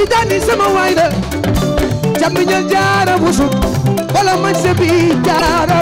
tijaani sama waay la jàmm ñal jaara busuk wala man sebi jaara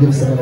jërëjëf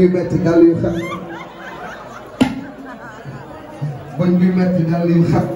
buy metti dal yu xat bañ buy metti dal yu xat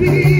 vivir.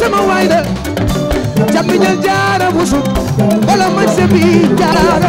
sama waay la jàmm ñal jaara busu wala ma sebi jaara